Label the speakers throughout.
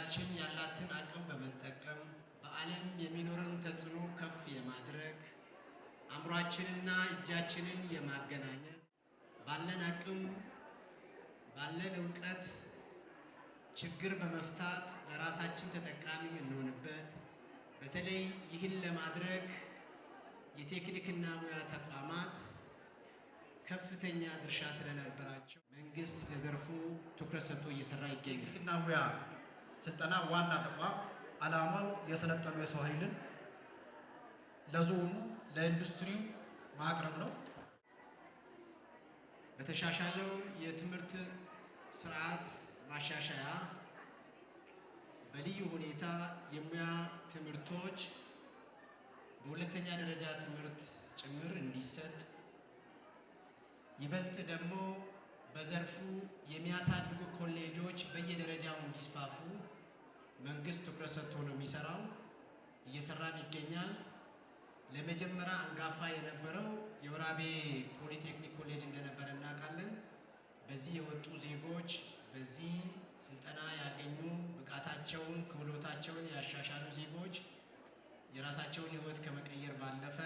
Speaker 1: ሀገራችን ያላትን አቅም በመጠቀም በዓለም የሚኖርን ተጽዕኖ ከፍ የማድረግ አእምሯችንና እጃችንን የማገናኘት ባለን አቅም ባለን እውቀት ችግር በመፍታት ለራሳችን ተጠቃሚ የምንሆንበት በተለይ ይህን ለማድረግ የቴክኒክና ሙያ ተቋማት ከፍተኛ ድርሻ ስለነበራቸው መንግስት ለዘርፉ ትኩረት ሰጥቶ እየሰራ ይገኛል። ቴክኒክና ሙያ ስልጠና ዋና ተቋም ዓላማው የሰለጠኑ የሰው ኃይልን ለዞኑ ለኢንዱስትሪው ማቅረብ ነው። በተሻሻለው የትምህርት ስርዓት ማሻሻያ በልዩ ሁኔታ የሙያ ትምህርቶች በሁለተኛ ደረጃ ትምህርት ጭምር እንዲሰጥ ይበልጥ ደግሞ በዘርፉ የሚያሳድጉ ኮሌጆች በየደረጃው እንዲስፋፉ መንግስት ትኩረት ሰጥቶ ነው የሚሰራው፣ እየሰራም ይገኛል። ለመጀመሪያ አንጋፋ የነበረው የወራቤ ፖሊቴክኒክ ኮሌጅ እንደነበረ እናውቃለን። በዚህ የወጡ ዜጎች በዚህ ስልጠና ያገኙ ብቃታቸውን ክህሎታቸውን ያሻሻሉ ዜጎች የራሳቸውን ህይወት ከመቀየር ባለፈ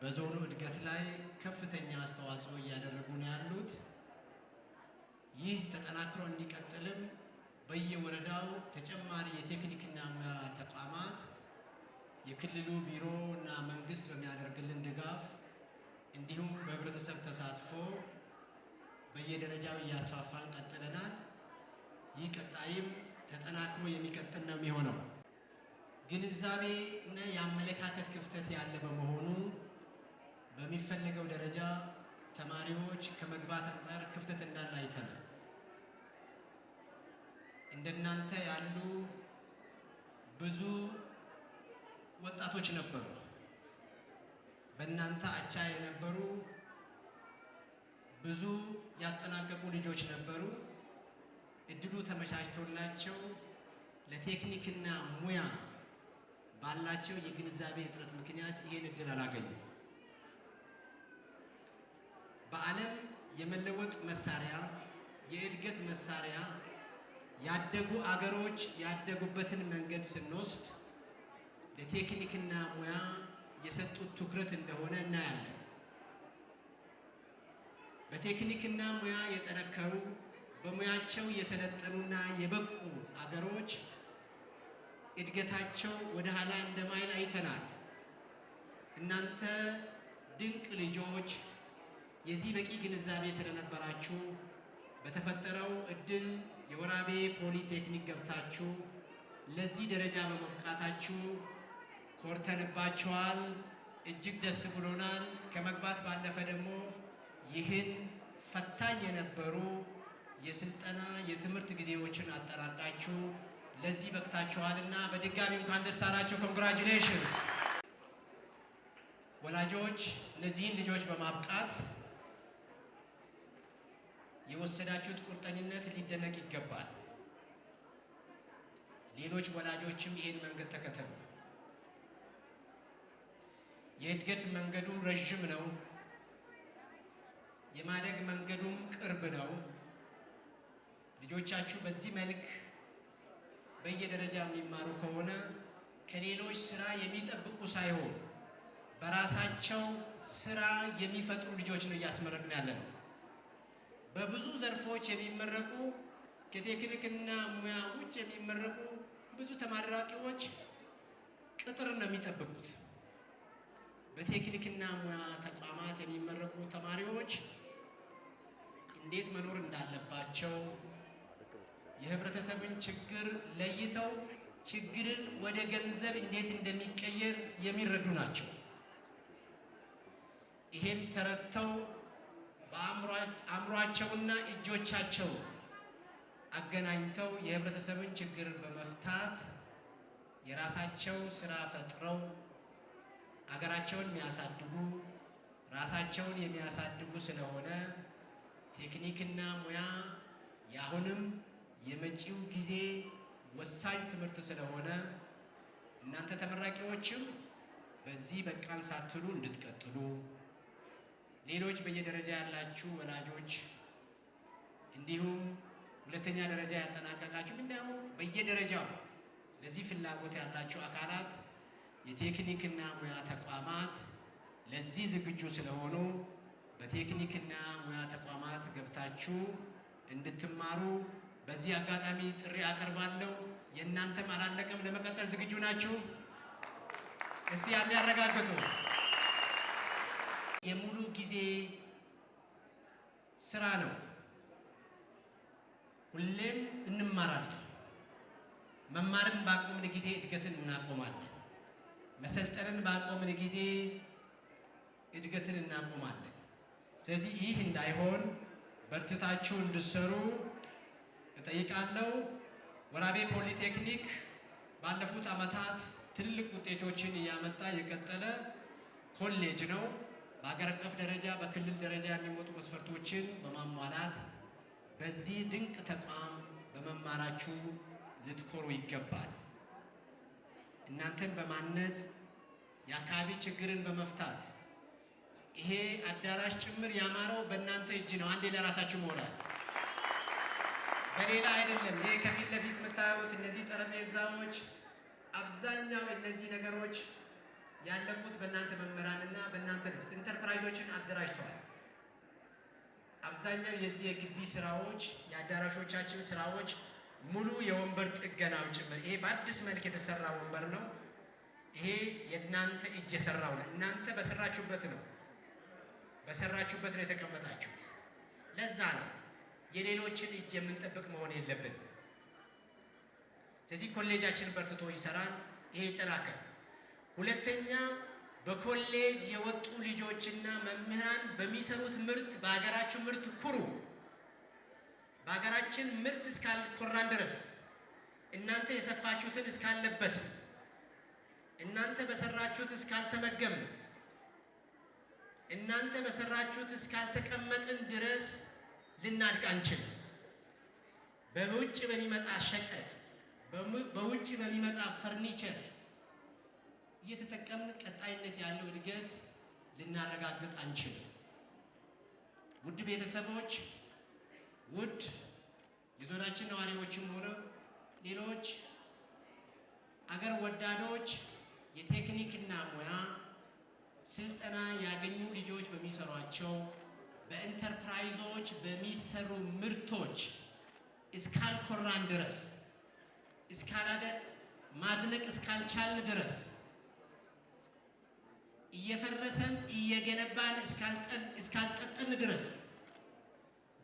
Speaker 1: በዞኑ እድገት ላይ ከፍተኛ አስተዋጽኦ እያደረጉ ነው ያሉት። ይህ ተጠናክሮ እንዲቀጥልም በየወረዳው ተጨማሪ የቴክኒክና ሙያ ተቋማት የክልሉ ቢሮ እና መንግስት በሚያደርግልን ድጋፍ እንዲሁም በህብረተሰብ ተሳትፎ በየደረጃው እያስፋፋን ቀጥለናል። ይህ ቀጣይም ተጠናክሮ የሚቀጥል ነው የሚሆነው። ግንዛቤ እና የአመለካከት ክፍተት ያለ በመሆኑ በሚፈለገው ደረጃ ተማሪዎች ከመግባት አንጻር ክፍተት እንዳለ አይተናል። እንደናንተ ያሉ ብዙ ወጣቶች ነበሩ። በእናንተ አቻ የነበሩ ብዙ ያጠናቀቁ ልጆች ነበሩ። እድሉ ተመቻችቶላቸው ለቴክኒክና ሙያ ባላቸው የግንዛቤ እጥረት ምክንያት ይህን እድል አላገኙም። በዓለም የመለወጥ መሳሪያ የእድገት መሳሪያ ያደጉ አገሮች ያደጉበትን መንገድ ስንወስድ ለቴክኒክና ሙያ የሰጡት ትኩረት እንደሆነ እናያለን። በቴክኒክና ሙያ የጠነከሩ በሙያቸው የሰለጠኑና የበቁ አገሮች እድገታቸው ወደ ኋላ እንደማይል አይተናል። እናንተ ድንቅ ልጆች የዚህ በቂ ግንዛቤ ስለነበራችሁ በተፈጠረው እድል የወራቤ ፖሊቴክኒክ ገብታችሁ ለዚህ ደረጃ በመብቃታችሁ ኮርተንባችኋል። እጅግ ደስ ብሎናል። ከመግባት ባለፈ ደግሞ ይህን ፈታኝ የነበሩ የስልጠና የትምህርት ጊዜዎችን አጠናቃችሁ ለዚህ በቅታችኋል እና በድጋሚ እንኳን ደስ አላችሁ። ኮንግራጁሌሽንስ! ወላጆች እነዚህን ልጆች በማብቃት የወሰዳችሁት ቁርጠኝነት ሊደነቅ ይገባል። ሌሎች ወላጆችም ይህን መንገድ ተከተሉ። የእድገት መንገዱ ረዥም ነው። የማደግ መንገዱም ቅርብ ነው። ልጆቻችሁ በዚህ መልክ በየደረጃ የሚማሩ ከሆነ ከሌሎች ስራ የሚጠብቁ ሳይሆን በራሳቸው ስራ የሚፈጥሩ ልጆች ነው እያስመረቅን ያለ ነው። በብዙ ዘርፎች የሚመረቁ ከቴክኒክና ሙያ ውጭ የሚመረቁ ብዙ ተመራቂዎች ቅጥር ነው የሚጠብቁት። በቴክኒክና ሙያ ተቋማት የሚመረቁ ተማሪዎች እንዴት መኖር እንዳለባቸው የህብረተሰብን ችግር ለይተው ችግርን ወደ ገንዘብ እንዴት እንደሚቀየር የሚረዱ ናቸው። ይሄን ተረድተው በአእምሯቸውና እጆቻቸው አገናኝተው የህብረተሰብን ችግር በመፍታት የራሳቸው ስራ ፈጥረው አገራቸውን የሚያሳድጉ ራሳቸውን የሚያሳድጉ ስለሆነ ቴክኒክና ሙያ የአሁንም የመጪው ጊዜ ወሳኝ ትምህርት ስለሆነ እናንተ ተመራቂዎችም በዚህ በቃን ሳትሉ እንድትቀጥሉ ሌሎች በየደረጃ ያላችሁ ወላጆች እንዲሁም ሁለተኛ ደረጃ ያጠናቀቃችሁ እንዲያው በየደረጃው ለዚህ ፍላጎት ያላችሁ አካላት የቴክኒክና ሙያ ተቋማት ለዚህ ዝግጁ ስለሆኑ በቴክኒክና ሙያ ተቋማት ገብታችሁ እንድትማሩ በዚህ አጋጣሚ ጥሪ አቀርባለሁ። የእናንተም አላለቀም፣ ለመቀጠል ዝግጁ ናችሁ? እስቲ ያለ ያረጋግጡ። ጊዜ ስራ ነው። ሁሌም እንማራለን። መማርን ባቆምን ጊዜ እድገትን እናቆማለን። መሰልጠንን ባቆምን ጊዜ እድገትን እናቆማለን። ስለዚህ ይህ እንዳይሆን በርትታችሁ እንድሰሩ እጠይቃለሁ። ወራቤ ፖሊቴክኒክ ባለፉት ዓመታት ትልቅ ውጤቶችን እያመጣ የቀጠለ ኮሌጅ ነው። በሀገር አቀፍ ደረጃ በክልል ደረጃ የሚወጡ መስፈርቶችን በማሟላት በዚህ ድንቅ ተቋም በመማራችሁ ልትኮሩ ይገባል። እናንተን በማነጽ የአካባቢ ችግርን በመፍታት ይሄ አዳራሽ ጭምር ያማረው በእናንተ እጅ ነው። አንዴ ለራሳችሁ መሆናል በሌላ አይደለም። ይሄ ከፊት ለፊት የምታዩት እነዚህ ጠረጴዛዎች፣ አብዛኛው እነዚህ ነገሮች ያለቁት በእናንተ መምህራንና በእናንተ ኢንተርፕራይዞችን አደራጅተዋል። አብዛኛው የዚህ የግቢ ስራዎች የአዳራሾቻችን ስራዎች ሙሉ የወንበር ጥገናው ጭምር ይሄ በአዲስ መልክ የተሰራ ወንበር ነው። ይሄ የእናንተ እጅ የሰራው ነው። እናንተ በሰራችሁበት ነው በሰራችሁበት ነው የተቀመጣችሁት። ለዛ ነው የሌሎችን እጅ የምንጠብቅ መሆን የለብን። ስለዚህ ኮሌጃችን በርትቶ ይሰራል። ይሄ ይጠናከል። ሁለተኛ በኮሌጅ የወጡ ልጆችና መምህራን በሚሰሩት ምርት በሀገራችን ምርት ኩሩ። በሀገራችን ምርት እስካልኮራን ድረስ እናንተ የሰፋችሁትን እስካልለበስም እናንተ በሰራችሁት እስካልተመገም እናንተ በሰራችሁት እስካልተቀመጥን ድረስ ልናድግ አንችል። በውጭ በሚመጣ ሸቀጥ፣ በውጭ በሚመጣ ፈርኒቸር እየተጠቀምን ቀጣይነት ያለው እድገት ልናረጋግጥ አንችልም። ውድ ቤተሰቦች፣ ውድ የዞናችን ነዋሪዎችም ሆነ ሌሎች አገር ወዳዶች የቴክኒክና ሙያ ስልጠና ያገኙ ልጆች በሚሰሯቸው በኢንተርፕራይዞች በሚሰሩ ምርቶች እስካልኮራን ድረስ እስካላደ ማድነቅ እስካልቻልን ድረስ እየፈረሰም እየገነባን እስካልቀጠን ድረስ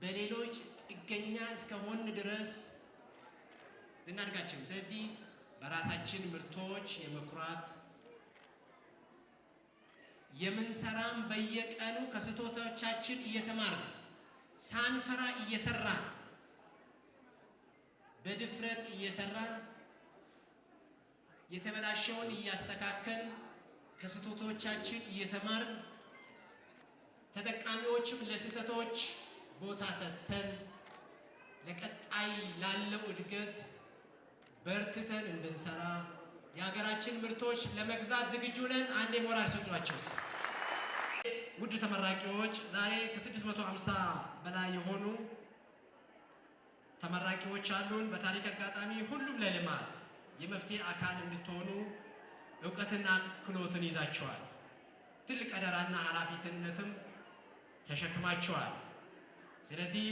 Speaker 1: በሌሎች ጥገኛ እስከሆን ድረስ ልናድጋችም። ስለዚህ በራሳችን ምርቶች የመኩራት የምንሰራም በየቀኑ ከስህተቶቻችን እየተማርን ሳንፈራ እየሰራን በድፍረት እየሰራን የተበላሸውን እያስተካከልን ከስህተቶቻችን እየተማርን ተጠቃሚዎችም ለስህተቶች ቦታ ሰጥተን ለቀጣይ ላለው እድገት በርትተን እንድንሰራ የሀገራችን ምርቶች ለመግዛት ዝግጁ ነን። አንዴ የሞራል ስጧቸው። ውድ ተመራቂዎች ዛሬ ከ650 በላይ የሆኑ ተመራቂዎች አሉን። በታሪክ አጋጣሚ ሁሉም ለልማት የመፍትሄ አካል እንድትሆኑ እውቀትና ክህሎትን ይዛቸዋል ትልቅ አደራና ኃላፊትነትም ተሸክማቸዋል። ስለዚህ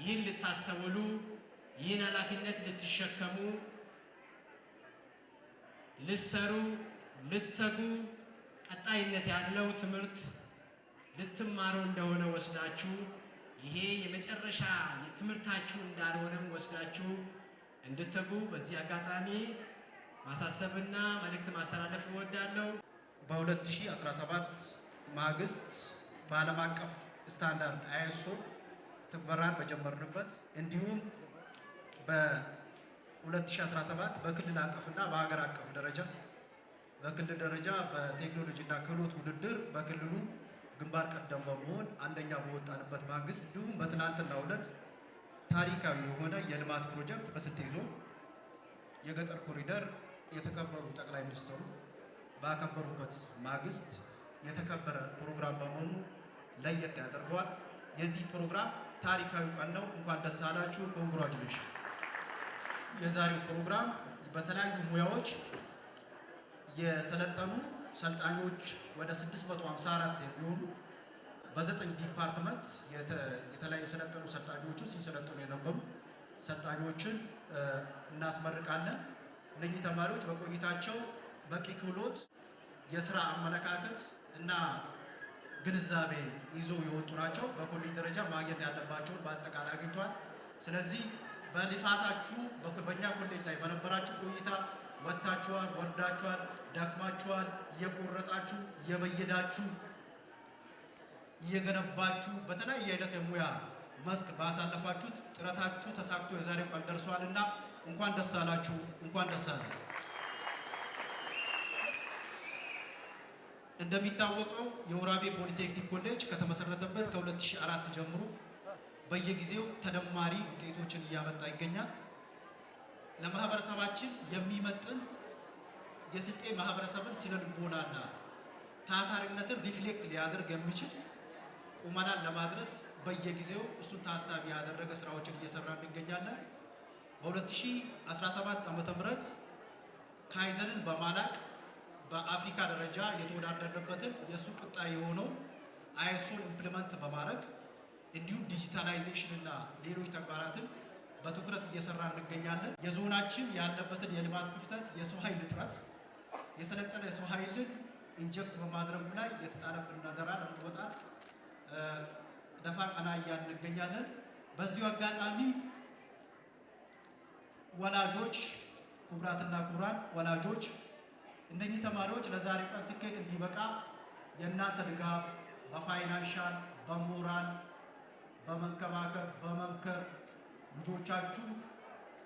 Speaker 1: ይህን ልታስተውሉ፣ ይህን ኃላፊነት ልትሸከሙ፣ ልትሰሩ፣ ልትተጉ ቀጣይነት ያለው ትምህርት ልትማሩ እንደሆነ ወስዳችሁ ይሄ የመጨረሻ ትምህርታችሁ እንዳልሆነም ወስዳችሁ እንድትተጉ በዚህ አጋጣሚ ማሳሰብና መልእክት ማስተላለፍ እወዳለሁ። በ2017 ማግስት በዓለም አቀፍ ስታንዳርድ አይሶ ትግበራን በጀመርንበት እንዲሁም በ2017 በክልል አቀፍና በሀገር አቀፍ ደረጃ በክልል ደረጃ በቴክኖሎጂና ክህሎት ውድድር በክልሉ ግንባር ቀደም በመሆን አንደኛ በወጣንበት ማግስት እንዲሁም በትናንትና ዕለት ታሪካዊ የሆነ የልማት ፕሮጀክት በስልጤ ዞን የገጠር ኮሪደር የተከበሩ ጠቅላይ ሚኒስትሩ ባከበሩበት ማግስት የተከበረ ፕሮግራም በመሆኑ ለየት ያደርገዋል። የዚህ ፕሮግራም ታሪካዊ ቀን ነው። እንኳን ደስ አላችሁ። ኮንግራጁሌሽን። የዛሬው ፕሮግራም በተለያዩ ሙያዎች የሰለጠኑ ሰልጣኞች ወደ 654 የሚሆኑ በዘጠኝ ዲፓርትመንት የተለያዩ የሰለጠኑ ሰልጣኞችን ሲሰለጠኑ የነበሩ ሰልጣኞችን እናስመርቃለን። እነኚህ ተማሪዎች በቆይታቸው በቂ ክህሎት፣ የስራ አመለካከት እና ግንዛቤ ይዞ የወጡ ናቸው። በኮሌጅ ደረጃ ማግኘት ያለባቸውን በአጠቃላይ አግኝቷል። ስለዚህ በልፋታችሁ በእኛ ኮሌጅ ላይ በነበራችሁ ቆይታ ወጥታችኋል፣ ወርዳችኋል፣ ደክማችኋል፣ እየቆረጣችሁ እየበየዳችሁ እየገነባችሁ በተለያየ አይነት የሙያ መስክ ባሳለፋችሁት ጥረታችሁ ተሳክቶ የዛሬ ቀን ደርሷልና እንኳን ደስ አላችሁ፣ እንኳን ደስ አለ። እንደሚታወቀው የወራቤ ፖሊቴክኒክ ኮሌጅ ከተመሰረተበት ከ2004 ጀምሮ በየጊዜው ተደማሪ ውጤቶችን እያመጣ ይገኛል። ለማህበረሰባችን የሚመጥን የስልጤ ማህበረሰብን ስነ ልቦናና ታታሪነትን ሪፍሌክት ሊያደርግ የሚችል ቁመናን ለማድረስ በየጊዜው እሱን ታሳቢ ያደረገ ስራዎችን እየሰራ እንገኛለን። በ2017 ዓ.ም ካይዘንን በማላቅ በአፍሪካ ደረጃ የተወዳደረበትን የእሱ ቅጣይ የሆነው አይሶን ኢምፕሊመንት በማድረግ እንዲሁም ዲጂታላይዜሽን እና ሌሎች ተግባራትን በትኩረት እየሰራ እንገኛለን። የዞናችን ያለበትን የልማት ክፍተት፣ የሰው ኃይል እጥረት፣ የሰለጠነ የሰው ኃይልን ኢንጀክት በማድረጉ ላይ የተጣለብን አደራ ለመወጣት ደፋ ቀና እያልን እንገኛለን። በዚሁ አጋጣሚ ወላጆች ክቡራትና ክቡራን ወላጆች እነኚህ ተማሪዎች ለዛሬ ቀን ስኬት እንዲበቃ የእናንተ ድጋፍ በፋይናንሻል፣ በሞራል፣ በመንከባከብ፣ በመምከር ልጆቻችሁ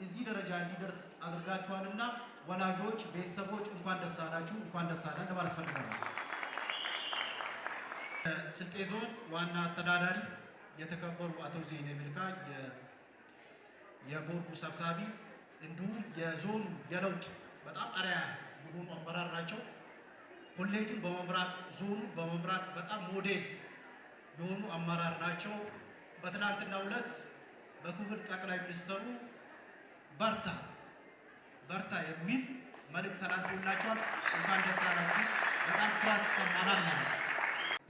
Speaker 1: እዚህ ደረጃ እንዲደርስ አድርጋችኋልና ወላጆች፣ ቤተሰቦች እንኳን ደስ አላችሁ፣ እንኳን ደስ አላችሁ ለማለት ፈልጋለሁ። ስልጤ ዞን ዋና አስተዳዳሪ የተከበሩ አቶ ዜኔ ሚልካ የቦርዱ ሰብሳቢ እንዲሁም የዞኑ የለውጥ በጣም አርአያ የሆኑ አመራር ናቸው። ኮሌጅን በመምራት ዞኑ በመምራት በጣም ሞዴል የሆኑ አመራር ናቸው። በትናንትናው ዕለት በክብር ጠቅላይ ሚኒስትሩ በርታ በርታ የሚል መልእክት ተናግሮላቸዋል። እንኳን ደስ አላችሁ። በጣም ኩራት ይሰማናል።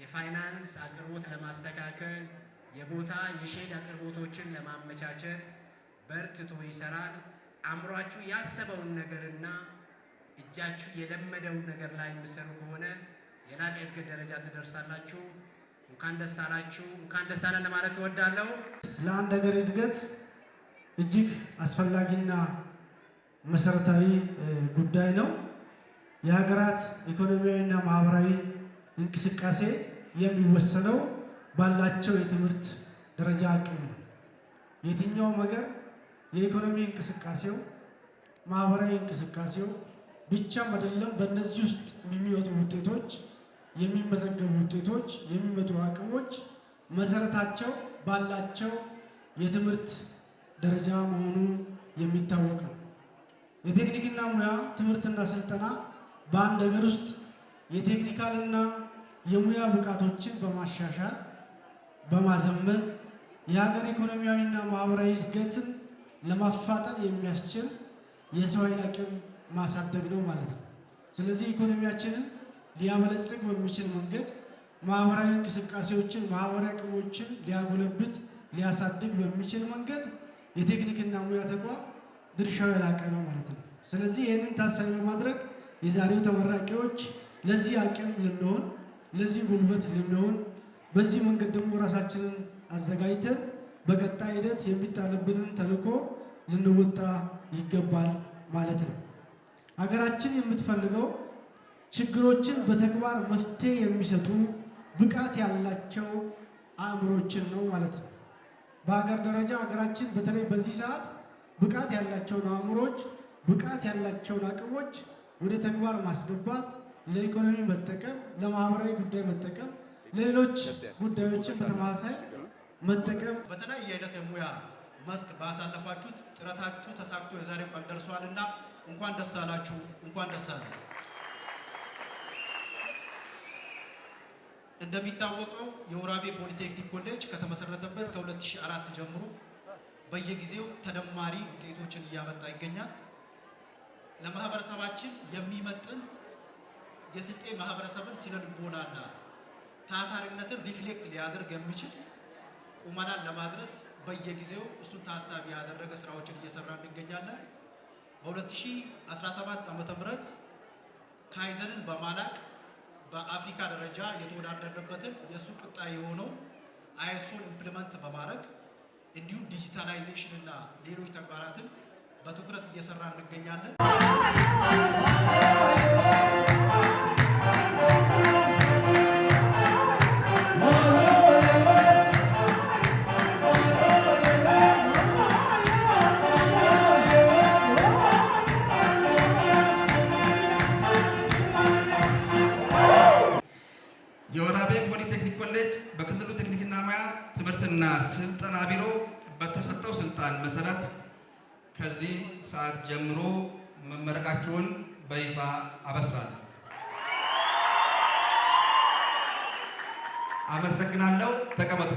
Speaker 1: የፋይናንስ አቅርቦት ለማስተካከል የቦታ የሼድ አቅርቦቶችን ለማመቻቸት በርትቶ ይሰራል። አእምሯችሁ ያሰበውን ነገርና እጃችሁ የለመደውን ነገር ላይ የምሰሩ ከሆነ የላቀ እድገት ደረጃ ትደርሳላችሁ። እንኳን ደስ አላችሁ፣ እንኳን ደስ አለን ለማለት
Speaker 2: እወዳለሁ። ለአንድ ሀገር እድገት እጅግ አስፈላጊና መሰረታዊ ጉዳይ ነው። የሀገራት ኢኮኖሚያዊና ማህበራዊ እንቅስቃሴ የሚወሰነው ባላቸው የትምህርት ደረጃ አቅም ነው። የትኛውም ሀገር የኢኮኖሚ እንቅስቃሴው፣ ማህበራዊ እንቅስቃሴው ብቻም አይደለም። በእነዚህ ውስጥ የሚወጡ ውጤቶች፣ የሚመዘገቡ ውጤቶች፣ የሚመጡ አቅሞች መሰረታቸው ባላቸው የትምህርት ደረጃ መሆኑ የሚታወቅ ነው። የቴክኒክና ሙያ ትምህርትና ስልጠና በአንድ ሀገር ውስጥ የቴክኒካልና የሙያ ብቃቶችን በማሻሻል በማዘመን የሀገር ኢኮኖሚያዊና ማህበራዊ እድገትን ለማፋጠን የሚያስችል የሰው ኃይል አቅም ማሳደግ ነው ማለት ነው። ስለዚህ ኢኮኖሚያችንን ሊያበለጽግ በሚችል መንገድ ማህበራዊ እንቅስቃሴዎችን፣ ማህበራዊ አቅሞችን ሊያጎለብት ሊያሳድግ በሚችል መንገድ የቴክኒክና ሙያ ተቋም ድርሻው የላቀ ነው ማለት ነው። ስለዚህ ይህንን ታሳቢ በማድረግ የዛሬው ተመራቂዎች ለዚህ አቅም ልንሆን፣ ለዚህ ጉልበት ልንሆን፣ በዚህ መንገድ ደግሞ ራሳችንን አዘጋጅተን በቀጣይ ሂደት የሚጣልብንን ተልዕኮ ልንወጣ ይገባል ማለት ነው። ሀገራችን የምትፈልገው ችግሮችን በተግባር መፍትሄ የሚሰጡ ብቃት ያላቸው አእምሮችን ነው ማለት ነው። በሀገር ደረጃ ሀገራችን በተለይ በዚህ ሰዓት ብቃት ያላቸውን አእምሮች፣ ብቃት ያላቸውን አቅሞች ወደ ተግባር ማስገባት፣ ለኢኮኖሚ መጠቀም፣ ለማህበራዊ ጉዳይ መጠቀም፣ ለሌሎች ጉዳዮችን በተመሳሳይ መጠቀም
Speaker 1: በተለያየ አይነት የሙያ መስክ ባሳለፋችሁት ጥረታችሁ ተሳክቶ የዛሬ ቀን ደርሷልና እንኳን ደስ አላችሁ፣ እንኳን ደስ አለ። እንደሚታወቀው የወራቤ ፖሊቴክኒክ ኮሌጅ ከተመሰረተበት ከ2004 ጀምሮ በየጊዜው ተደማሪ ውጤቶችን እያመጣ ይገኛል። ለማህበረሰባችን የሚመጥን የስልጤ ማህበረሰብን ስነ ልቦናና ታታሪነትን ሪፍሌክት ሊያደርግ የሚችል ቁመናን ለማድረስ በየጊዜው እሱን ታሳቢ ያደረገ ስራዎችን እየሰራ እንገኛለን። በ2017 ዓ ም ካይዘንን በማላቅ በአፍሪካ ደረጃ የተወዳደረበትን የእሱ ቅጣይ የሆነው አይሶን ኢምፕሊመንት በማድረግ እንዲሁም ዲጂታላይዜሽን እና ሌሎች ተግባራትን በትኩረት እየሰራ እንገኛለን። ትምህርትና ስልጠና ቢሮ በተሰጠው ስልጣን መሰረት ከዚህ ሰዓት ጀምሮ መመረቃችሁን በይፋ አበስራለሁ። አመሰግናለሁ። ተቀመጡ።